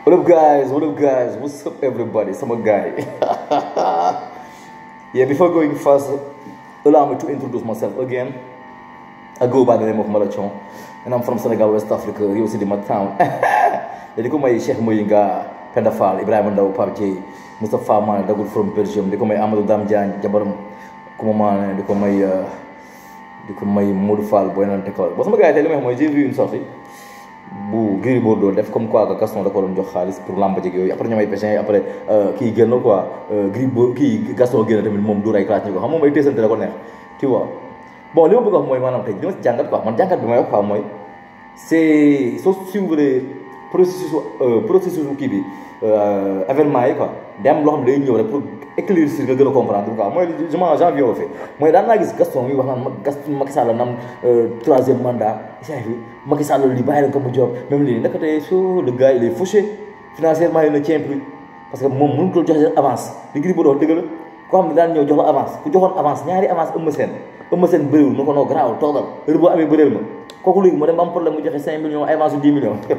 What up, guys? What up, guys? What's up, everybody? Summer guy. yeah, before going fast, allow me to introduce myself again. I go by the name of Malachon, and I'm from Senegal, West Africa, Rio City, my town. They call me Sheikh Moyinga, Pendafal, Ibrahim Ndao, Pap J, Mustafa Man, Dagul from Belgium. They call me Amadou Damjan, Jabaram, Kumaman, they call me, uh, they call me Modou Fall, Boynan Tekal. But some guy tell me, j'ai vu une sortie. bu Gris doo def comme quoi que Gaston da ko doon jox xaalis pour làmb jeg yooyu après ñoom ay pechin après euh, kii génn quoi euh, Gris Bordeaux kii Gaston génn tamit moom du ay classe ñu ko xam moom ay téesante la ko neex tu vois bon li ma si jàngat quoi man jàngat bi may wax quoi mooy c'est soo suivre processus euh, processus kii bi événement yi quoi day am loo xam ne day ñëw rek pour éclaircir nga a euh, jox la avance ku joxoon avance ñaari avance ëmb seen ëmb seen bëriwul na ko noo garaawul toogal heure boo amee bëreel ma kooku léegi moo dem ba problème mu joxe cinq millions avance dix millions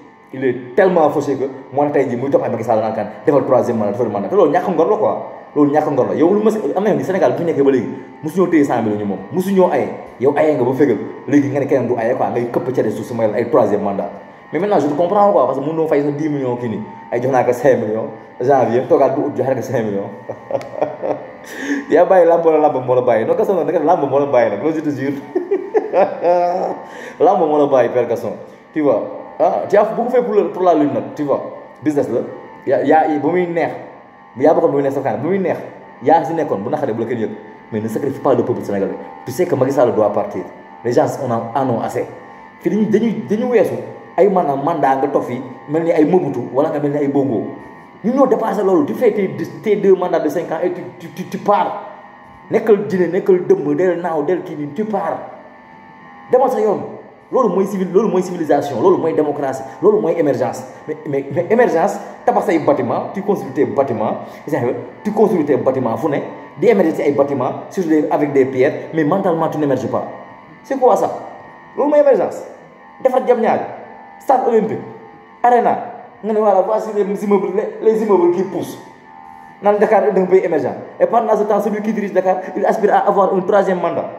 il est tellement fauché que moo tax tey jii muy topp ay Macky Sall naan kan defal troisième mandat defal mandat te loolu ñàkk ngor la quoi loolu ñàkk ngor la yow lu ma am na ni Sénégal bu fi nekkee ba léegi mosuñoo téye cent millions ñu moom mosuñoo aye yow aye nga ba fégal léegi nga ne keneen du aye quoi ngay këpp cere suuf si mayal ay troisième mandat mais maintenant je te comprends quoi parce que mënoo fay sa 10 millions kii nii ay jox naa ko 5 millions janvier toogaat bu ut joxe ko 5 millions yaa bàyyi làmb la làmb moo la bàyyi non Gaston nag da nga làmb moo la bàyyi nag loolu je te jure làmb moo la bàyyi père Gaston tu vois ah tu as beaucoup fait pour le pour la lune nag tu vois ba muy neex yaa bokkoon ba muy neex sa kanam si nekkoon bu ne sacrifie pas le peuple sénégalais tu sais que Macky Sall doit partir les gens on en ont assez fii dañuy dañu weesu ay maanaam mandat nga toog fii mel ni ay Mobutu wala nga mel ni ay Bongo ñun ñoo dépassé loolu tu fais tes deux mandats de cinq ans et tu tu tu pars nekkal jine nekkal dëmm del naaw del kii nii tu pars demal sa yoon. C'est une civil civilisation, civilisation c'est démocratie loolu émergence mais mais mais émergence passé bâtiment tu construis tes bâtiments, tu construis tes bâtiment tu émerges des bâtiments avec des pierres mais mentalement tu n'émerges pas c'est quoi ça C'est mooy émergence fait des stade olympique arena voilà voici les immeubles les immeubles qui poussent le Dakar est un pays émergent et pendant ce temps celui qui dirige Dakar il aspire à avoir un troisième mandat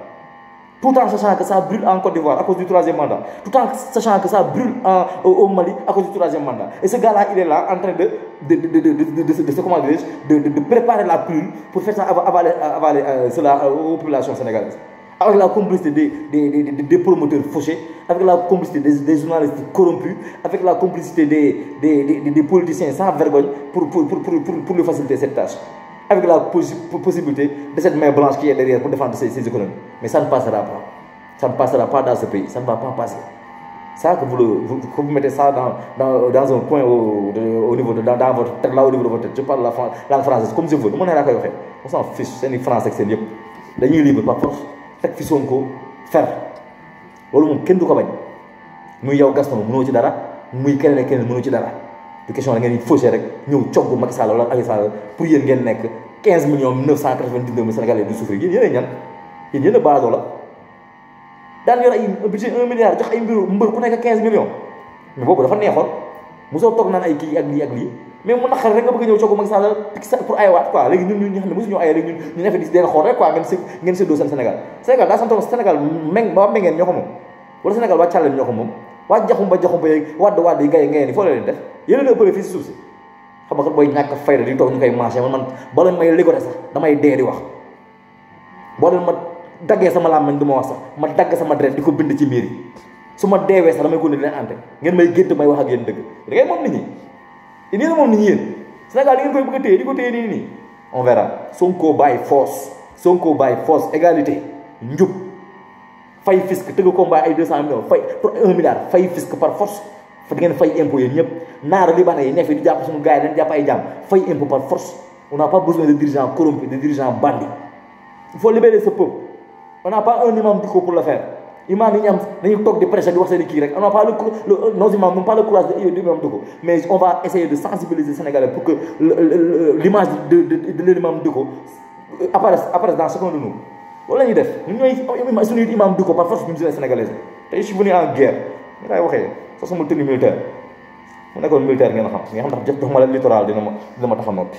tout en sachant que ça brûle en Côte d'Ivoire à cause du troisième mandat, tout en sachant que ça brûle au Mali à cause du troisième mandat. Et ce gars-là, il est là en train de, de, de, de, préparer la plume pour faire ça avaler, euh, cela euh, aux populations sénégalaises. Avec la complicité des, promoteurs fauchés, avec la complicité des, journalistes corrompus, avec la complicité des, politiciens sans vergogne pour, pour lui faciliter cette tâche avec la possibilité de cette main blanche qui est derrière pour défendre ses, ses économies. Mais ça ne passera pas. Ça ne passera pas dans ce pays. Ça ne va pas passer. Ça, que vous, le, vous, que vous mettez ça dans, dans, dans un coin au, de, au, niveau de, dans, dans, votre tête, là au niveau de votre tête. Je parle la langue française comme je veux. Nous, on s'en fiche. C'est une France c'est libre. dañuy libre par force teg fi Sonko fer loolu moom kenn du ko Il muy yow Gaston mënoo ci dara muy keneen ak keneen mënoo ci dara. du question da ngeen di fauché rek ñëw cogg Macky Sall wala Aliou Sall pour yéen ngeen nekk 15 millions 999 mille Sénégalais du souffrir yéen yéen ñan yéen yéen a baadoo la daan yor ay budget 1 milliard jox ay mbër ku nekk 15 millions mais boobu dafa neexoon mosoo toog naan ay kii ak lii ak lii mais mu naqari rek nga bëgg ñëw cogg Macky Sall sa pour ayawaat quoi léegi ñun ñun xam ne mosu ñoo ay rek ñun ñun affaire yi deen xool rek waa jaxumba jaxumba yeeg wad wad yi ngay ngay ni foo leen def yéen la ëppale fii si suuf xam nga kat booy ñàkk di toog ñu marché man man bala ñu may ligote sax damay dee di wax boo ma daggee sama làmmiñ du ma wax sax ma dagg sama deret di bind ci miir suma su sax damay ko ne di leen ànd ngeen may gént may wax ak yéen dëgg da ngay moom nit ñi yéen la moom nit ñi yéen Sénégal di ngeen koy bëgg a téye di ko on verra Sonko bàyyi force Sonko by force égalité njub fay fisc combat ay 200 millions 1 milliard fay fisc par force fa ngeen fay impôt libanais par force on n'a pas besoin de dirigeants corrompus de dirigeants bandits il faut libérer ce peuple on n'a pas un imam diko pour le faire imam pas le courage de l'imam diko mais on va essayer de sensibiliser les Sénégalais pour que l'image de de de l'imam du apparaisse apparaisse dans ce de nous loolu la ñuy def ñun ñooy suñuy imam du ko par force ñun jeunesse sénégalaise te je suis venu en guerre ñu laay waxee soo sama tenue militaire mu nekkoon militaire ngeen xam nga xam ndax jot ma la littoral dina ma dina ma tax a noppi